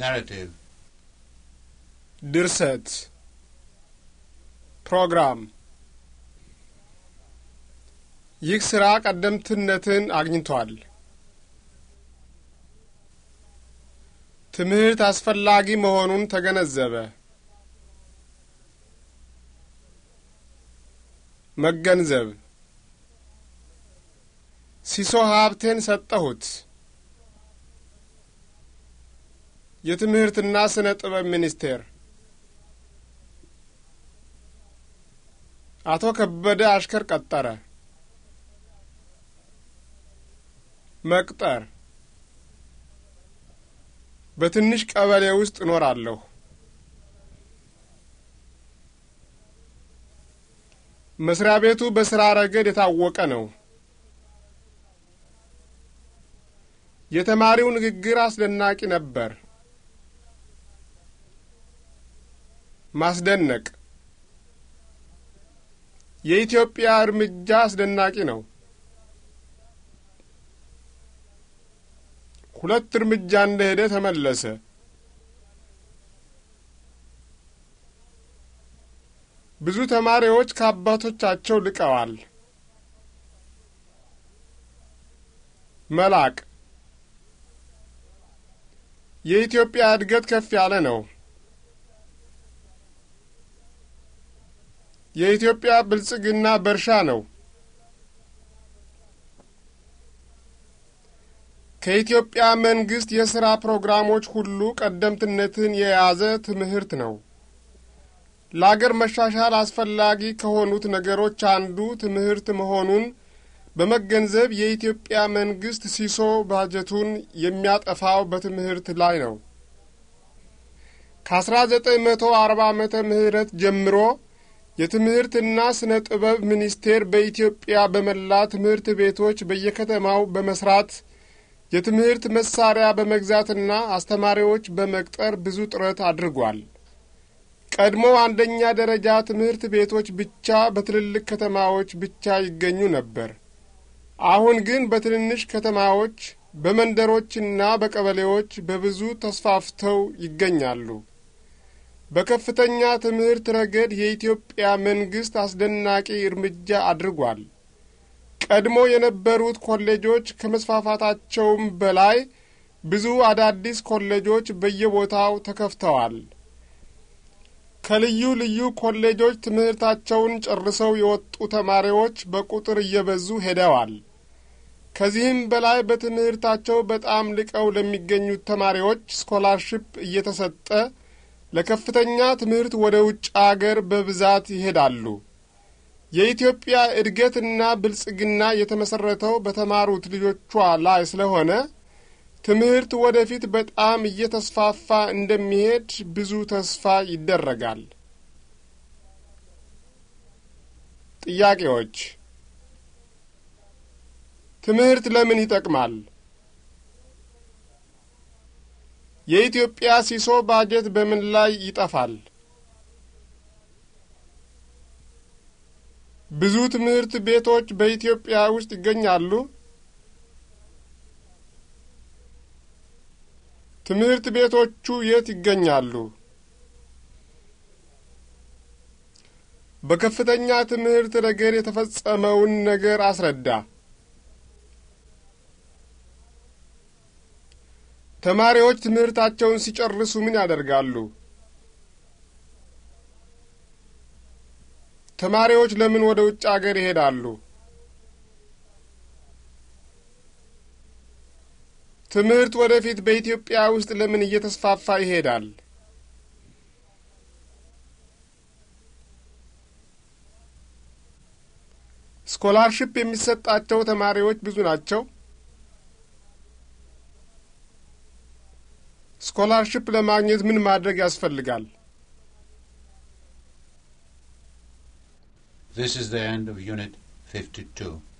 ናራቲቭ ድርሰት ፕሮግራም ይህ ስራ ቀደምትነትን አግኝቷል። ትምህርት አስፈላጊ መሆኑን ተገነዘበ። መገንዘብ ሲሶ ሀብቴን ሰጠሁት። የትምህርትና ስነ ጥበብ ሚኒስቴር አቶ ከበደ አሽከር ቀጠረ። መቅጠር በትንሽ ቀበሌ ውስጥ እኖራለሁ። መስሪያ ቤቱ በስራ ረገድ የታወቀ ነው። የተማሪው ንግግር አስደናቂ ነበር። ማስደነቅ የኢትዮጵያ እርምጃ አስደናቂ ነው። ሁለት እርምጃ እንደሄደ ተመለሰ። ብዙ ተማሪዎች ከአባቶቻቸው ልቀዋል። መላቅ የኢትዮጵያ እድገት ከፍ ያለ ነው። የኢትዮጵያ ብልጽግና በእርሻ ነው። ከኢትዮጵያ መንግስት የሥራ ፕሮግራሞች ሁሉ ቀደምትነትን የያዘ ትምህርት ነው። ለአገር መሻሻል አስፈላጊ ከሆኑት ነገሮች አንዱ ትምህርት መሆኑን በመገንዘብ የኢትዮጵያ መንግስት ሲሶ ባጀቱን የሚያጠፋው በትምህርት ላይ ነው። ከ1940 ዓመተ ምህረት ጀምሮ የትምህርትና ስነ ጥበብ ሚኒስቴር በኢትዮጵያ በመላ ትምህርት ቤቶች በየከተማው በመስራት የትምህርት መሳሪያ በመግዛትና አስተማሪዎች በመቅጠር ብዙ ጥረት አድርጓል። ቀድሞ አንደኛ ደረጃ ትምህርት ቤቶች ብቻ በትልልቅ ከተማዎች ብቻ ይገኙ ነበር። አሁን ግን በትንንሽ ከተማዎች በመንደሮችና በቀበሌዎች በብዙ ተስፋፍተው ይገኛሉ። በከፍተኛ ትምህርት ረገድ የኢትዮጵያ መንግሥት አስደናቂ እርምጃ አድርጓል። ቀድሞ የነበሩት ኮሌጆች ከመስፋፋታቸውም በላይ ብዙ አዳዲስ ኮሌጆች በየቦታው ተከፍተዋል። ከልዩ ልዩ ኮሌጆች ትምህርታቸውን ጨርሰው የወጡ ተማሪዎች በቁጥር እየበዙ ሄደዋል። ከዚህም በላይ በትምህርታቸው በጣም ልቀው ለሚገኙት ተማሪዎች ስኮላርሽፕ እየተሰጠ ለከፍተኛ ትምህርት ወደ ውጭ አገር በብዛት ይሄዳሉ። የኢትዮጵያ እድገትና ብልጽግና የተመሠረተው በተማሩት ልጆቿ ላይ ስለሆነ ትምህርት ወደፊት በጣም እየተስፋፋ እንደሚሄድ ብዙ ተስፋ ይደረጋል። ጥያቄዎች ትምህርት ለምን ይጠቅማል? የኢትዮጵያ ሲሶ ባጀት በምን ላይ ይጠፋል? ብዙ ትምህርት ቤቶች በኢትዮጵያ ውስጥ ይገኛሉ? ትምህርት ቤቶቹ የት ይገኛሉ? በከፍተኛ ትምህርት ነገር የተፈጸመውን ነገር አስረዳ። ተማሪዎች ትምህርታቸውን ሲጨርሱ ምን ያደርጋሉ? ተማሪዎች ለምን ወደ ውጭ አገር ይሄዳሉ? ትምህርት ወደፊት በኢትዮጵያ ውስጥ ለምን እየተስፋፋ ይሄዳል? ስኮላርሽፕ የሚሰጣቸው ተማሪዎች ብዙ ናቸው? ስኮላርሽፕ ለማግኘት ምን ማድረግ ያስፈልጋል? This is the end of Unit 52.